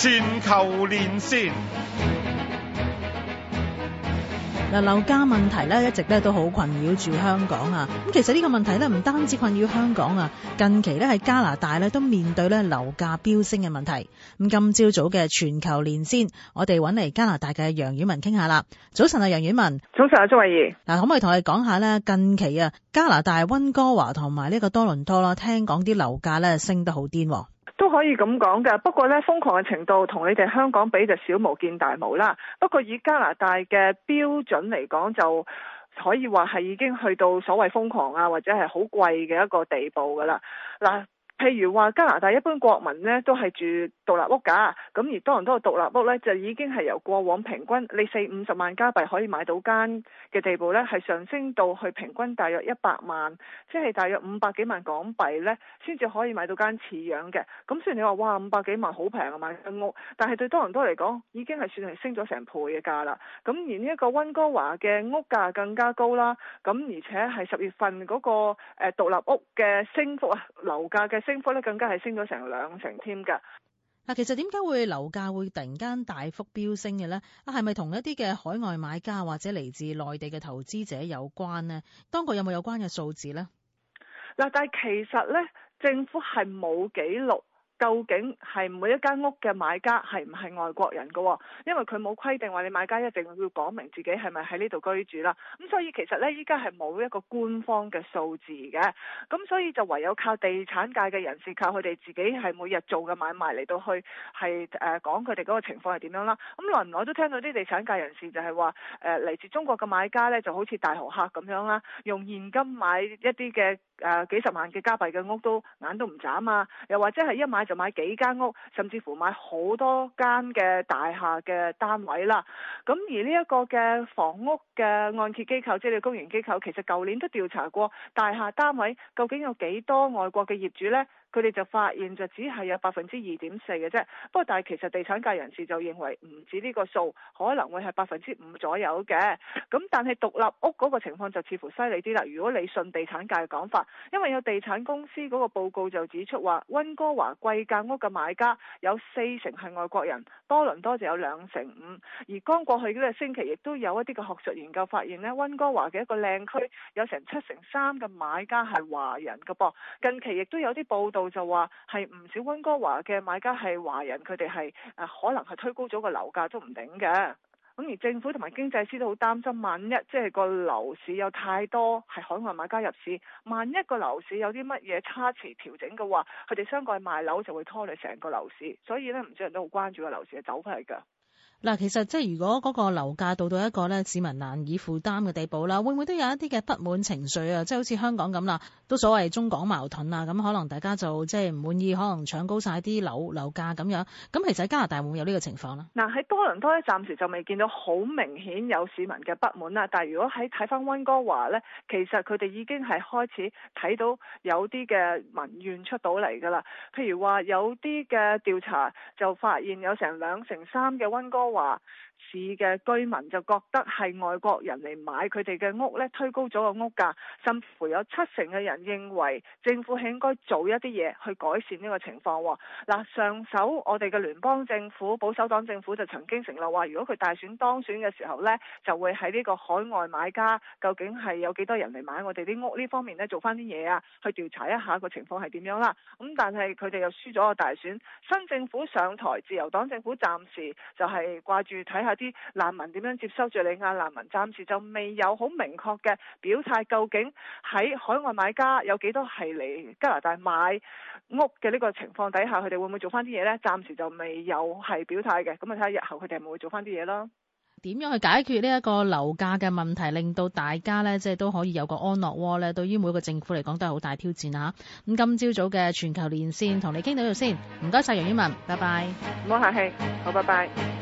全球連線，嗱，樓價問題咧，一直咧都好困擾住香港啊！咁其實呢個問題咧，唔單止困擾香港啊，近期咧喺加拿大咧都面對咧樓價飆升嘅問題。咁今朝早嘅全球連線，我哋揾嚟加拿大嘅楊婉雯傾下啦。早晨啊，楊婉雯。早晨啊，鍾慧儀。嗱，可唔可以同我哋講下咧？近期啊，加拿大温哥華同埋呢個多倫多啦，聽講啲樓價咧升得好癲。都可以咁講嘅。不過呢，瘋狂嘅程度同你哋香港比就小巫見大巫啦。不過以加拿大嘅標準嚟講，就可以話係已經去到所謂瘋狂啊，或者係好貴嘅一個地步噶啦嗱。啊譬如話加拿大一般國民呢都係住獨立屋㗎，咁而多倫多嘅獨立屋呢，就已經係由過往平均你四五十萬加幣可以買到間嘅地步呢，係上升到去平均大約一百萬，即係大約五百幾萬港幣呢，先至可以買到間似樣嘅。咁雖然你話哇五百幾萬好平啊，買屋，但係對多倫多嚟講已經係算係升咗成倍嘅價啦。咁而呢一個溫哥華嘅屋價更加高啦，咁而且係十月份嗰個誒獨立屋嘅升幅啊樓價嘅。升幅咧更加係升咗成兩成添㗎。嗱，其實點解會樓價會突然間大幅飆升嘅咧？啊，係咪同一啲嘅海外買家或者嚟自內地嘅投資者有關呢？當局有冇有，有關嘅數字咧？嗱，但係其實咧，政府係冇紀錄。究竟係每一間屋嘅買家係唔係外國人嘅、哦？因為佢冇規定話你買家一定要講明自己係咪喺呢度居住啦。咁所以其實呢，依家係冇一個官方嘅數字嘅。咁所以就唯有靠地產界嘅人士靠佢哋自己係每日做嘅買賣嚟到去係誒、呃、講佢哋嗰個情況係點樣啦。咁耐唔耐都聽到啲地產界人士就係話誒，嚟自中國嘅買家呢就好似大豪客咁樣啦，用現金買一啲嘅誒幾十萬嘅加幣嘅屋都眼都唔眨啊。又或者係一買。就買幾間屋，甚至乎買好多間嘅大廈嘅單位啦。咁而呢一個嘅房屋嘅按揭機構，即係公營機構，其實舊年都調查過大廈單位究竟有幾多外國嘅業主呢？佢哋就發現就只係有百分之二點四嘅啫，不過但係其實地產界人士就認為唔止呢個數，可能會係百分之五左右嘅。咁但係獨立屋嗰個情況就似乎犀利啲啦。如果你信地產界嘅講法，因為有地產公司嗰個報告就指出話，溫哥華貴價屋嘅買家有四成係外國人，多倫多就有兩成五。而剛過去嗰個星期，亦都有一啲嘅學術研究發現呢，溫哥華嘅一個靚區有成七成三嘅買家係華人嘅噃。近期亦都有啲報道。就就話係唔少温哥華嘅買家係華人，佢哋係誒可能係推高咗個樓價都唔定嘅。咁而政府同埋經濟師都好擔心，萬一即係個樓市有太多係海外買家入市，萬一個樓市有啲乜嘢差池調整嘅話，佢哋相繼賣樓就會拖累成個樓市。所以呢，唔少人都好關注個樓市嘅走勢㗎。嗱，其實即係如果嗰個樓價到到一個咧市民難以負擔嘅地步啦，會唔會都有一啲嘅不滿情緒啊？即係好似香港咁啦，都所謂中港矛盾啊，咁可能大家就即係唔滿意，可能搶高晒啲樓樓價咁樣。咁其實喺加拿大會唔會有呢個情況咧？嗱，喺多倫多咧，暫時就未見到好明顯有市民嘅不滿啦。但係如果喺睇返溫哥華呢，其實佢哋已經係開始睇到有啲嘅民怨出到嚟㗎啦。譬如話有啲嘅調查就發現有成兩成三嘅溫哥。華市嘅居民就覺得係外國人嚟買佢哋嘅屋呢，推高咗個屋價。甚至乎有七成嘅人認為政府係應該做一啲嘢去改善呢個情況。嗱、啊，上手我哋嘅聯邦政府、保守黨政府就曾經承諾話，如果佢大選當選嘅時候呢，就會喺呢個海外買家究竟係有幾多人嚟買我哋啲屋呢方面呢，做翻啲嘢啊，去調查一下個情況係點樣啦。咁、啊、但係佢哋又輸咗個大選，新政府上台，自由黨政府暫時就係、是。掛住睇下啲難民點樣接收敘利亞難民，暫時就未有好明確嘅表態。究竟喺海外買家有幾多係嚟加拿大買屋嘅呢個情況底下，佢哋會唔會做翻啲嘢呢？暫時就未有係表態嘅，咁啊睇下日後佢哋係咪會做翻啲嘢啦，點樣去解決呢一個樓價嘅問題，令到大家呢，即係都可以有個安樂窩咧？對於每一個政府嚟講，都係好大挑戰啊！咁今朝早嘅全球連線同你傾到呢度先，唔該晒楊婉雯，拜拜。唔好客氣，好，拜拜。